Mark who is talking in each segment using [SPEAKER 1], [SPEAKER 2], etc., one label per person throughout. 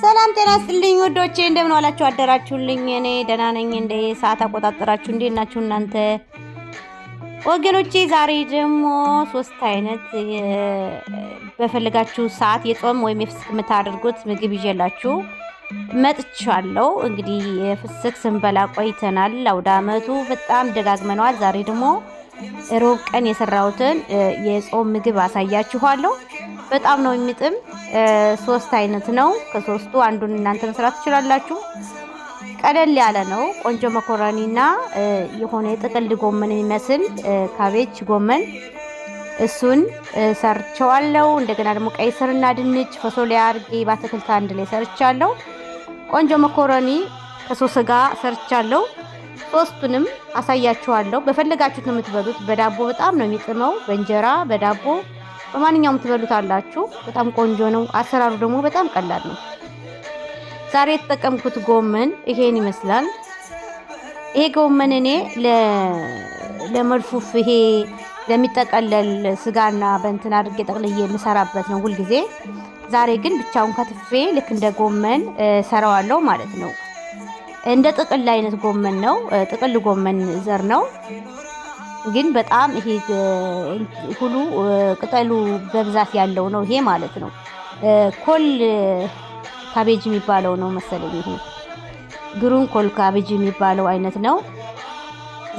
[SPEAKER 1] ሰላም ጤና ይስጥልኝ ወዶቼ፣ እንደምን ዋላችሁ አደራችሁልኝ? እኔ ደህና ነኝ። እንደ ሰዓት አቆጣጠራችሁ እንዴት ናችሁ እናንተ ወገኖቼ? ዛሬ ደግሞ ሶስት አይነት በፈልጋችሁ ሰዓት የጾም ወይም የፍስክ የምታደርጉት ምግብ ይዤላችሁ መጥቻለሁ። እንግዲህ የፍስክ ስንበላ ቆይተናል። አውደ አመቱ በጣም ደጋግመነዋል። ዛሬ ደግሞ ሮብ ቀን የሰራሁትን የጾም ምግብ አሳያችኋለሁ። በጣም ነው የሚጥም። ሶስት አይነት ነው። ከሶስቱ አንዱን እናንተ መስራት ትችላላችሁ። ቀለል ያለ ነው። ቆንጆ መኮረኒና የሆነ የጥቅል ጎመን የሚመስል ካቤጅ ጎመን እሱን ሰርቸዋለሁ። እንደገና ደግሞ ቀይ ስርና ድንች ፈሶሊያ አርጌ በአትክልት አንድ ላይ ሰርቻለሁ። ቆንጆ መኮረኒ ከሶስ ጋር ሰርቻለሁ። ሶስቱንም አሳያችኋለሁ። በፈለጋችሁት ነው የምትበሉት። በዳቦ በጣም ነው የሚጥመው። በእንጀራ በዳቦ በማንኛውም ትበሉት አላችሁ። በጣም ቆንጆ ነው። አሰራሩ ደግሞ በጣም ቀላል ነው። ዛሬ የተጠቀምኩት ጎመን ይሄን ይመስላል። ይሄ ጎመን እኔ ለመድፉፍ ይሄ ለሚጠቀለል ስጋና በእንትን አድርጌ ጠቅልዬ የምሰራበት ነው ሁልጊዜ። ዛሬ ግን ብቻውን ከትፌ ልክ እንደ ጎመን ሰራዋለሁ ማለት ነው። እንደ ጥቅል አይነት ጎመን ነው። ጥቅል ጎመን ዘር ነው፣ ግን በጣም ይሄ ሁሉ ቅጠሉ በብዛት ያለው ነው። ይሄ ማለት ነው ኮል ካቤጅ የሚባለው ነው መሰለኝ። ይሄ ግሩን ኮል ካቤጅ የሚባለው አይነት ነው።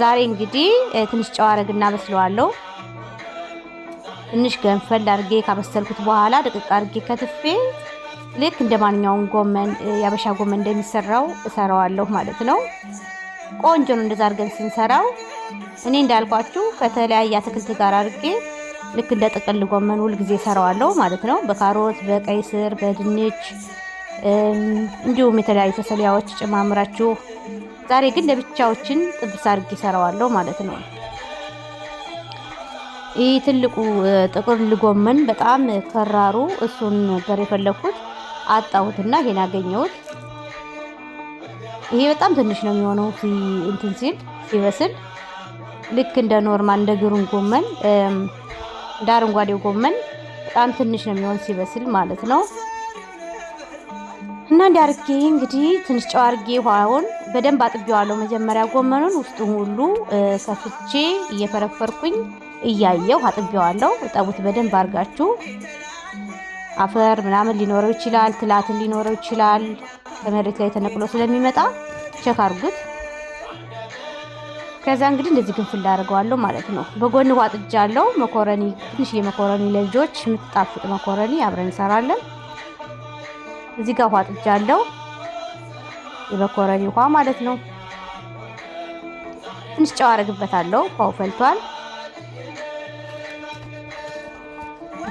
[SPEAKER 1] ዛሬ እንግዲህ ትንሽ ጨው አረግና በስለዋለሁ። ትንሽ ገንፈል አድርጌ ካበሰልኩት በኋላ ድቅቅ አድርጌ ከትፌ ልክ እንደ ማንኛውም ጎመን የአበሻ ጎመን እንደሚሰራው እሰራዋለሁ ማለት ነው። ቆንጆ ነው። እንደዛ አድርገን ስንሰራው እኔ እንዳልኳችሁ ከተለያየ አትክልት ጋር አድርጌ ልክ እንደ ጥቅል ጎመን ሁል ጊዜ እሰራዋለሁ ማለት ነው። በካሮት፣ በቀይ ስር፣ በድንች እንዲሁም የተለያዩ ተሰሊያዎች ጭማምራችሁ። ዛሬ ግን ለብቻዎችን ጥብስ አድርጌ እሰራዋለሁ ማለት ነው። ይህ ትልቁ ጥቅል ጎመን በጣም ከራሩ እሱን ነበር የፈለኩት። አጣሁትና ይሄን አገኘሁት። ይሄ በጣም ትንሽ ነው የሚሆነው እንትን ሲል ሲበስል ልክ እንደ ኖርማል እንደ ግሩን ጎመን እንደ አረንጓዴው ጎመን በጣም ትንሽ ነው የሚሆን ሲበስል ማለት ነው። እና እንዲ አርጌ እንግዲህ ትንሽ ጨው አርጌ ውሃውን በደንብ አጥቢዋለሁ። መጀመሪያ ጎመኑን ውስጡ ሁሉ ሰፍቼ እየፈረፈርኩኝ እያየሁ አጥቢዋለሁ። እጠቡት በደንብ አርጋችሁ አፈር ምናምን ሊኖረው ይችላል፣ ትላትን ሊኖረው ይችላል። ከመሬት ላይ ተነቅሎ ስለሚመጣ ቸክ አርጉት። ከዛ እንግዲህ እንደዚህ ግንፍል አድርገዋለሁ ማለት ነው። በጎን ዋጥጃለሁ መኮረኒ፣ ትንሽ መኮረኒ ለልጆች የምትጣፍጥ መኮረኒ አብረን እንሰራለን። እዚህ ጋር ዋጥጃለሁ የመኮረኒ ውሃ ማለት ነው። ትንሽ ጨው ውሃው ፈልቷል።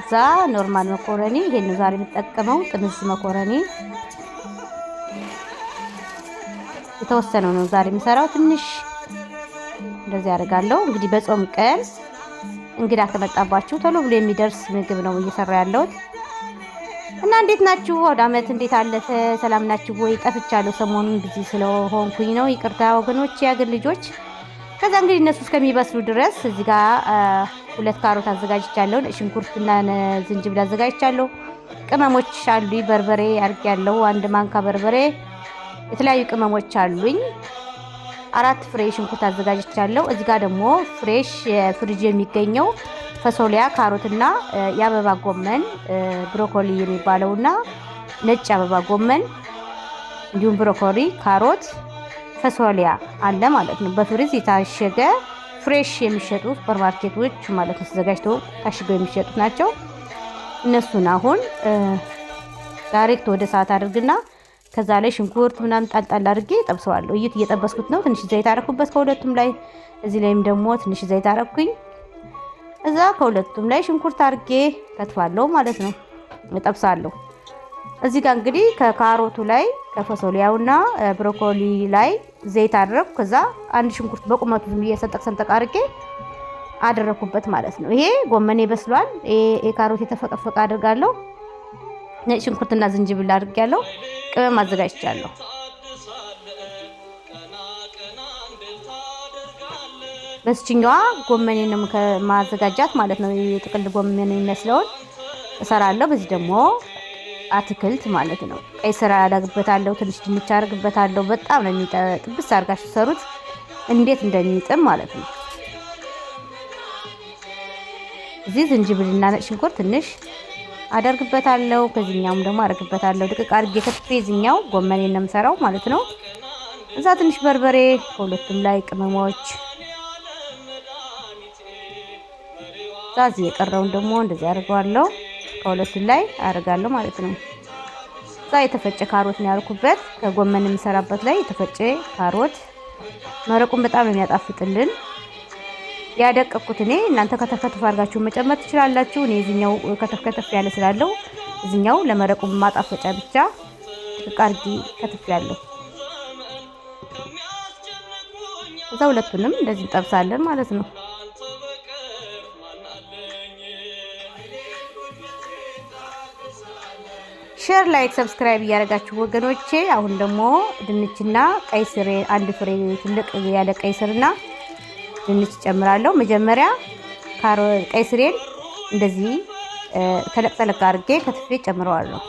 [SPEAKER 1] ከዛ ኖርማል መኮረኒ ይሄን ዛሬ የምጠቀመው ጥምዝ መኮረኒ የተወሰነው ነው ዛሬ የምሰራው። ትንሽ እንደዚህ አደርጋለሁ። እንግዲህ በጾም ቀን እንግዳ ከመጣባችሁ ቶሎ ብሎ የሚደርስ ምግብ ነው እየሰራ ያለሁት እና እንዴት ናችሁ? አውደ አመት እንዴት አለፈ? ሰላም ናችሁ ወይ? ጠፍቻለሁ። ሰሞኑን ጊዜ ስለሆንኩኝ ነው ይቅርታ ወገኖች፣ የአገር ልጆች። ከዛ እንግዲህ እነሱ እስከሚበስሉ ድረስ እዚህ ጋር ሁለት ካሮት አዘጋጅቻለሁ። ሽንኩርትና ዝንጅብል አዘጋጅቻለሁ። ቅመሞች አሉ። በርበሬ አድርጌያለሁ። አንድ ማንካ በርበሬ፣ የተለያዩ ቅመሞች አሉኝ። አራት ፍሬ ሽንኩርት አዘጋጅቻለሁ። እዚህ ጋር ደግሞ ፍሬሽ ፍሪጅ የሚገኘው ፈሶሊያ፣ ካሮትና የአበባ ጎመን ብሮኮሊ የሚባለውና ነጭ አበባ ጎመን እንዲሁም ብሮኮሊ፣ ካሮት፣ ፈሶሊያ አለ ማለት ነው። በፍሪዝ የታሸገ ፍሬሽ የሚሸጡ ሱፐርማርኬቶች ማለት ነው። ተዘጋጅተው ታሽገው የሚሸጡት ናቸው። እነሱን አሁን ዳይሬክት ወደ ሰዓት አድርግና ከዛ ላይ ሽንኩርት ምናምን ጣልጣል አድርጌ ጠብሰዋለሁ። እዩት፣ እየጠበስኩት ነው። ትንሽ ዘይት አረኩበት ከሁለቱም ላይ። እዚህ ላይም ደግሞ ትንሽ ዘይት አረኩኝ። እዛ ከሁለቱም ላይ ሽንኩርት አድርጌ ከትፋለሁ ማለት ነው፣ ጠብሳለሁ። እዚህ ጋር እንግዲህ ከካሮቱ ላይ ከፈሶሊያውና ብሮኮሊ ላይ ዘይት አደረኩ። ከዛ አንድ ሽንኩርት በቁመቱ ዝም ብዬ ሰንጠቅ ሰንጠቅ አድርጌ አደረኩበት ማለት ነው። ይሄ ጎመኔ በስሏል። ይሄ ካሮት የተፈቀፈቀ አድርጋለሁ። ነጭ ሽንኩርትና ዝንጅብል አድርጌያለሁ። ቅመም አዘጋጅቻለሁ። በስችኛዋ ጎመኔንም ከማዘጋጃት ማለት ነው። የጥቅል ጎመን የሚመስለውን እሰራለሁ። በዚህ ደግሞ አትክልት ማለት ነው። ቀይ ስር አደርግበታለሁ፣ ትንሽ ድንች አደርግበታለሁ። በጣም ነው ጥብስ አድርጋችሁ ሰሩት እንዴት እንደሚጥም ማለት ነው። እዚህ ዝንጅብልና ነጭ ሽንኩርት ትንሽ አደርግበታለሁ። ከዚህኛውም ደግሞ አደርግበታለሁ። ድቅቅ አድርጌ ከትፌ ዝኛው ጎመኔ ነው የምሰራው ማለት ነው። እዛ ትንሽ በርበሬ ከሁለቱም ላይ ቅመሞች እዛ እዚህ የቀረውን ደግሞ እንደዚህ አድርገዋለሁ። ከሁለቱ ላይ አደርጋለሁ ማለት ነው። እዛ የተፈጨ ካሮት ነው ያልኩበት። ከጎመን የምሰራበት ላይ የተፈጨ ካሮት መረቁን በጣም የሚያጣፍጥልን። ያደቀቁት እኔ እናንተ ከተፍ ከተፍ አድርጋችሁ መጨመር ትችላላችሁ። እኔ እዚኛው ከተፍከተፍ ከተፍ ያለ ስላለው እዚኛው ለመረቁ ማጣፈጫ ብቻ ቃርጊ ከትፍ ያለው እዛ ሁለቱንም እንደዚህ እንጠብሳለን ማለት ነው። ሼር፣ ላይክ፣ ሰብስክራይብ እያደረጋችሁ ወገኖቼ። አሁን ደግሞ ድንችና ቀይ ስር አንድ ፍሬ ትልቅ ያለ ቀይ ስርና ድንች ጨምራለሁ። መጀመሪያ ካሮ ቀይ ስሬን እንደዚህ ተለቅጠለቅ አርጌ አድርጌ ከትፌ ጨምረዋለሁ።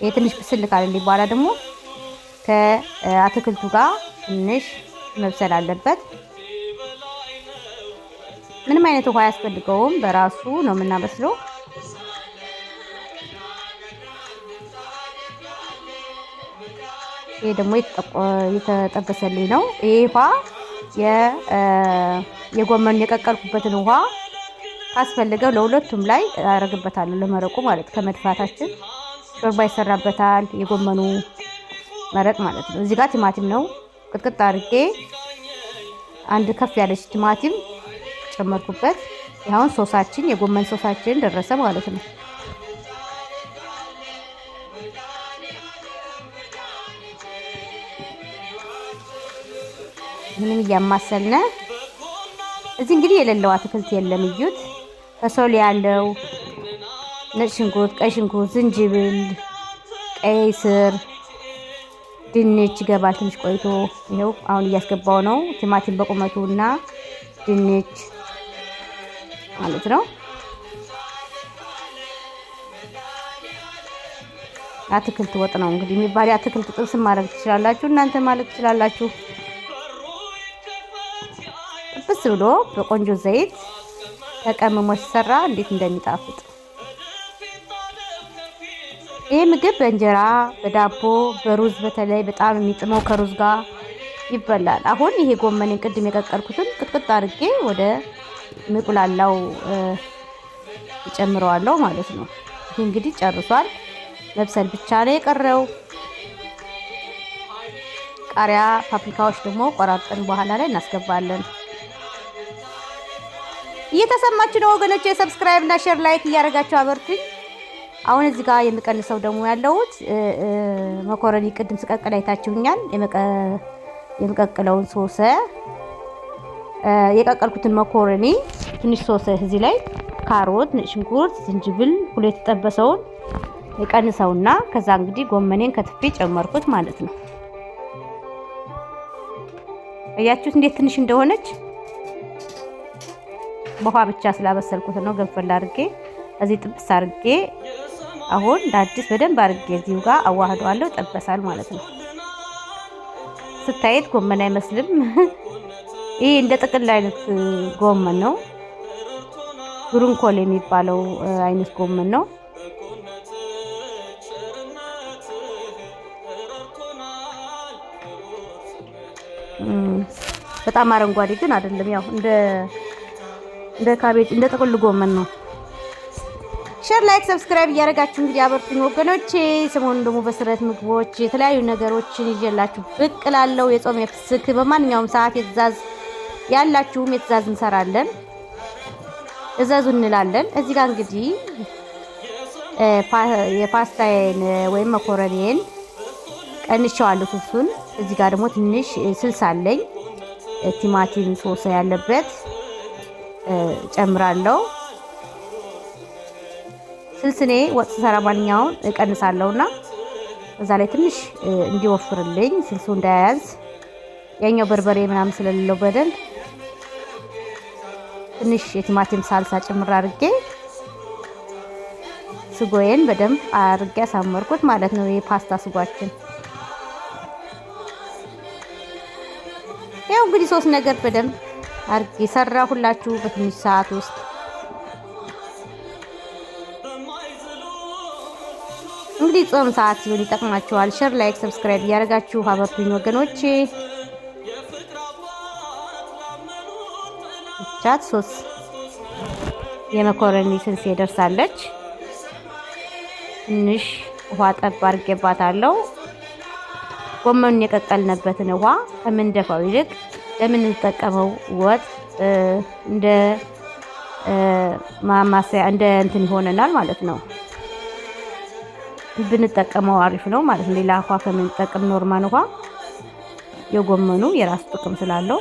[SPEAKER 1] ይሄ ትንሽ ብስል ካለልኝ በኋላ ደግሞ ከአትክልቱ ጋር ትንሽ መብሰል አለበት። ምንም አይነት ውሃ አያስፈልገውም። በራሱ ነው የምናበስለው። ይሄ ደግሞ የተጠበሰልኝ ነው። ይሄ ውሃ የጎመኑን የቀቀልኩበትን ውሃ ካስፈልገው ለሁለቱም ላይ አረግበታለሁ። ለመረቁ ማለት ከመድፋታችን ሾርባ ይሰራበታል። የጎመኑ መረቅ ማለት ነው። እዚህ ጋር ቲማቲም ነው ቅጥቅጥ አድርጌ አንድ ከፍ ያለች ቲማቲም ጨመርኩበት። ይኸውን ሶሳችን የጎመን ሶሳችን ደረሰ ማለት ነው። ይህንን እያማሰልነ እዚህ እንግዲህ የሌለው አትክልት የለም። እዩት፣ ፈሶል ያለው ነጭ ሽንኩርት፣ ቀይ ሽንኩርት፣ ዝንጅብል፣ ቀይ ስር፣ ድንች ይገባል። ትንሽ ቆይቶ ይኸው አሁን እያስገባው ነው። ቲማቲም በቁመቱ እና ድንች ማለት ነው። አትክልት ወጥ ነው እንግዲህ የሚባል። የአትክልት ጥብስ ማድረግ ትችላላችሁ እናንተ ማለት ትችላላችሁ። ጥብስ ብሎ በቆንጆ ዘይት ተቀምሞ ሲሰራ እንዴት እንደሚጣፍጥ ይህ ምግብ በእንጀራ፣ በዳቦ፣ በሩዝ በተለይ በጣም የሚጥመው ከሩዝ ጋር ይበላል። አሁን ይሄ ጎመን ቅድም የቀቀልኩትን ቅጥቅጥ አድርጌ ወደ ምቁላላው እጨምረዋለሁ ማለት ነው። ይህ እንግዲህ ጨርሷል። መብሰል ብቻ ነው የቀረው። ቃሪያ፣ ፓፕሪካዎች ደግሞ ቆራርጠን በኋላ ላይ እናስገባለን። እየተሰማች ነው ወገኖች። የሰብስክራይብ እና ሼር ላይክ እያደረጋችሁ አበርቱኝ። አሁን እዚህ ጋር የምቀንሰው ደግሞ ያለሁት መኮረኒ ቅድም ስቀቅል አይታችሁኛል። የምቀቅለውን ሶሰ የቀቀልኩትን መኮረኒ ትንሽ ሶሰ እዚህ ላይ ካሮት፣ ሽንኩርት፣ ዝንጅብል ሁሉ የተጠበሰውን የቀንሰውና ከዛ እንግዲህ ጎመኔን ከትፌ ጨመርኩት ማለት ነው። እያችሁት እንዴት ትንሽ እንደሆነች በውሃ ብቻ ስላበሰልኩት ነው። ገንፈል አድርጌ እዚህ ጥብስ አድርጌ አሁን እንደ አዲስ በደንብ አድርጌ እዚሁ ጋር አዋህደዋለሁ። ጠበሳል ማለት ነው። ስታየት ጎመን አይመስልም። ይህ እንደ ጥቅል አይነት ጎመን ነው። ኮል የሚባለው አይነት ጎመን ነው። በጣም አረንጓዴ ግን አይደለም። ያው እንደ እንደ ካቤጅ እንደ ጥቅል ጎመን ነው። ሼር፣ ላይክ፣ ሰብስክራይብ እያደረጋችሁ እንግዲህ አበርቱኝ ወገኖቼ። ሰሞኑን ደግሞ በስረት ምግቦች የተለያዩ ነገሮችን ይዤላችሁ ብቅ ላለው የጾም የፍስክ በማንኛውም ሰዓት የትእዛዝ ያላችሁም የትእዛዝ እንሰራለን፣ እዘዙ እንላለን። እዚህ ጋር እንግዲህ የፓስታዬን ወይም መኮረኔን ቀንሼዋለሁ ክፍሱን። እዚህ ጋር ደግሞ ትንሽ ስልስ አለኝ ቲማቲም ሶስ ያለበት ጨምራለሁ። ስልስኔ ወጥ ስሰራ ማንኛውን እቀንሳለሁና እዛ ላይ ትንሽ እንዲወፍርልኝ ስልሱ እንዳያያዝ ያኛው በርበሬ ምናምን ስለሌለው በደንብ ትንሽ የቲማቲም ሳልሳ ጭምር አድርጌ ስጎዬን በደንብ አድርጌ አሳመርኩት ማለት ነው። የፓስታ ስጓችን ያው እንግዲህ ሶስት ነገር በደንብ የሰራሁላችሁ በትንሽ ሰዓት ውስጥ እንግዲህ ጾም ሰዓት ሲሆን ይጠቅማችኋል። ሼር፣ ላይክ፣ ሰብስክራይብ እያደረጋችሁ አበርቱኝ ወገኖቼ። ቻት ሶስ የመኮረኒ ስልሴ ደርሳለች። ትንሽ ውሃ ጠብ አድርጌባታለሁ። ጎመኑን የቀቀልንበትን ውሃ ከምንደፋው ይልቅ የምንጠቀመው ወጥ እንደ ማማሰያ እንደ እንትን ይሆነናል ማለት ነው። ብንጠቀመው አሪፍ ነው ማለት ነው። ሌላ ውሃ ከምንጠቀም ኖርማል ውሃ የጎመኑ የራስ ጥቅም ስላለው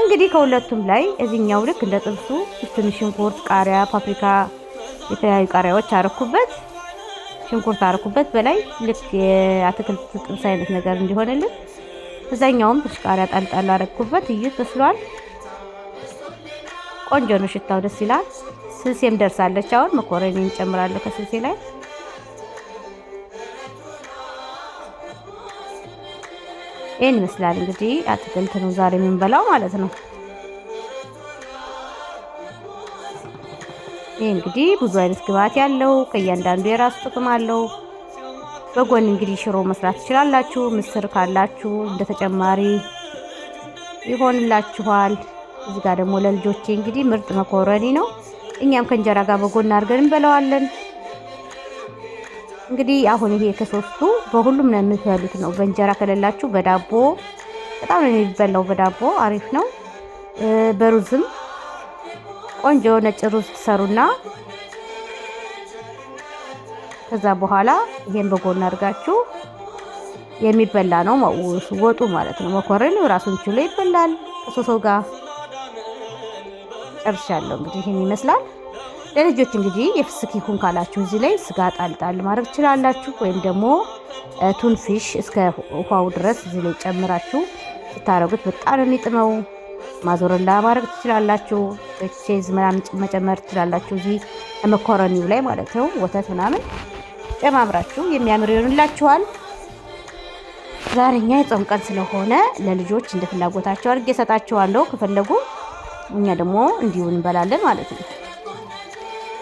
[SPEAKER 1] እንግዲህ ከሁለቱም ላይ እዚህኛው ልክ እንደ ጥብሱ ትንሽ ሽንኩርት፣ ቃሪያ፣ ፓፕሪካ የተለያዩ ቃሪያዎች አረኩበት። ሽንኩርት አረኩበት በላይ ልክ የአትክልት ጥብስ አይነት ነገር እንዲሆንልን እዛኛውም ትንሽ ቃሪያ ጣልጣል እዩ ተስሏል። ቆንጆ ነው፣ ሽታው ደስ ይላል። ስልሴም ደርሳለች። አሁን መኮረኒ እንጨምራለሁ ከስልሴ ላይ ይህን ይመስላል እንግዲህ አትክልት ነው ዛሬ የምንበላው ማለት ነው። ይህ እንግዲህ ብዙ አይነት ግብአት ያለው ከእያንዳንዱ የራሱ ጥቅም አለው። በጎን እንግዲህ ሽሮ መስራት ትችላላችሁ። ምስር ካላችሁ እንደ ተጨማሪ ይሆንላችኋል። እዚህ ጋር ደግሞ ለልጆቼ እንግዲህ ምርጥ መኮረኒ ነው። እኛም ከእንጀራ ጋር በጎን አድርገን እንበለዋለን። እንግዲህ አሁን ይሄ ከሶስቱ በሁሉም ነው የምትበሉት ነው። በእንጀራ ከሌላችሁ በዳቦ በጣም ነው የሚበላው። በዳቦ አሪፍ ነው። በሩዝም ቆንጆ ነጭ ሩዝ ትሰሩና ከዛ በኋላ ይሄን በጎን አድርጋችሁ የሚበላ ነው ወጡ ማለት ነው። መኮረኒው ራሱን ችሎ ይበላል ከሶሶ ጋር። ጨርሻለሁ እንግዲህ ይሄን ይመስላል። ለልጆች እንግዲህ የፍስክ ይሁን ካላችሁ እዚህ ላይ ስጋ ጣልጣል ማድረግ ትችላላችሁ፣ ወይም ደግሞ ፊሽ እስከ ውሃው ድረስ እዚህ ላይ ጨምራችሁ ስታረጉት በጣም የሚጥመው ማዞረላ ማድረግ ትችላላችሁ። ቼዝ ምናምን መጨመር ትችላላችሁ እዚህ መኮረኒው ላይ ማለት ነው፣ ወተት ምናምን ጨማምራችሁ የሚያምር ይሆንላችኋል። ዛሬኛ የጾም ቀን ስለሆነ ለልጆች እንደ ፍላጎታቸው አድርጌ እሰጣቸዋለሁ። ከፈለጉ እኛ ደግሞ እንዲሁ እንበላለን ማለት ነው።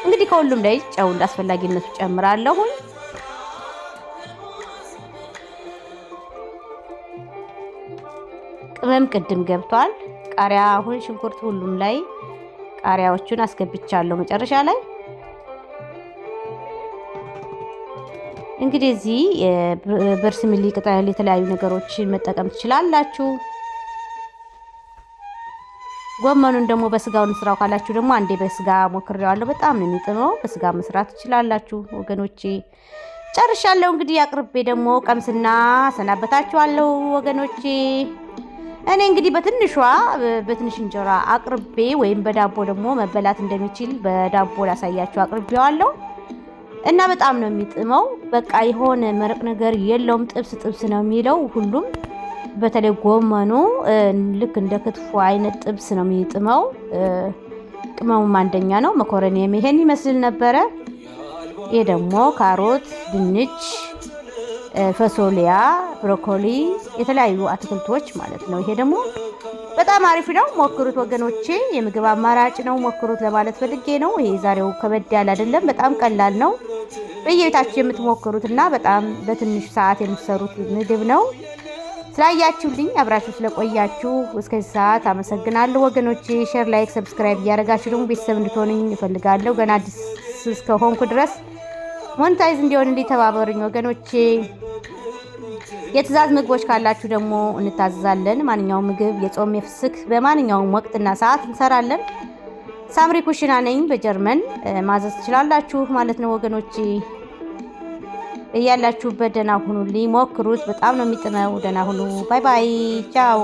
[SPEAKER 1] እንግዲህ ከሁሉም ላይ ጨው እንደ አስፈላጊነቱ ጨምራለሁ። ቅመም ቅድም ገብቷል። ቃሪያ፣ አሁን ሽንኩርት፣ ሁሉም ላይ ቃሪያዎቹን አስገብቻለሁ መጨረሻ ላይ እንግዲህ እዚህ በርሲምሊ ቅጠል፣ የተለያዩ ነገሮችን መጠቀም ትችላላችሁ። ጎመኑን ደግሞ በስጋውን ስራው ካላችሁ ደግሞ አንዴ በስጋ ሞክሬዋለሁ። በጣም ነው የሚጥመው። በስጋ መስራት ትችላላችሁ ወገኖቼ። ጨርሻለሁ። እንግዲህ አቅርቤ ደግሞ ቀምስና ሰናበታችኋለሁ ወገኖቼ። እኔ እንግዲህ በትንሿ በትንሽ እንጀራ አቅርቤ ወይም በዳቦ ደግሞ መበላት እንደሚችል በዳቦ ላሳያችሁ አቅርቤዋለሁ። እና በጣም ነው የሚጥመው። በቃ የሆነ መረቅ ነገር የለውም። ጥብስ ጥብስ ነው የሚለው ሁሉም። በተለይ ጎመኑ ልክ እንደ ክትፎ አይነት ጥብስ ነው የሚጥመው። ቅመሙም አንደኛ ነው። መኮረኒ ይሄን ይመስል ነበረ። ይህ ደግሞ ካሮት፣ ድንች፣ ፈሶሊያ፣ ብሮኮሊ የተለያዩ አትክልቶች ማለት ነው። ይሄ ደግሞ በጣም አሪፍ ነው። ሞክሩት ወገኖቼ፣ የምግብ አማራጭ ነው። ሞክሩት ለማለት ፈልጌ ነው። ይሄ ዛሬው ከበድ ያለ አይደለም፣ በጣም ቀላል ነው። በየቤታችሁ የምትሞክሩት እና በጣም በትንሽ ሰዓት የምትሰሩት ምግብ ነው። ስላያችሁልኝ አብራችሁ ስለቆያችሁ እስከዚህ ሰዓት አመሰግናለሁ ወገኖቼ። ሼር፣ ላይክ፣ ሰብስክራይብ እያደረጋችሁ ደግሞ ቤተሰብ እንድትሆኑኝ እፈልጋለሁ። ገና አዲስ እስከሆንኩ ድረስ ሞኔታይዝ እንዲሆን እንዲተባበሩኝ ወገኖቼ። የትእዛዝ ምግቦች ካላችሁ ደግሞ እንታዘዛለን። ማንኛውም ምግብ የጾም የፍስክ በማንኛውም ወቅትና ሰዓት እንሰራለን። ሳምሪ ኩሽና ነኝ። በጀርመን ማዘዝ ትችላላችሁ ማለት ነው ወገኖች። እያላችሁበት ደህና ሁኑ። ሞክሩት። በጣም ነው የሚጥመው። ደህና ሁኑ። ባይ ባይ፣ ቻው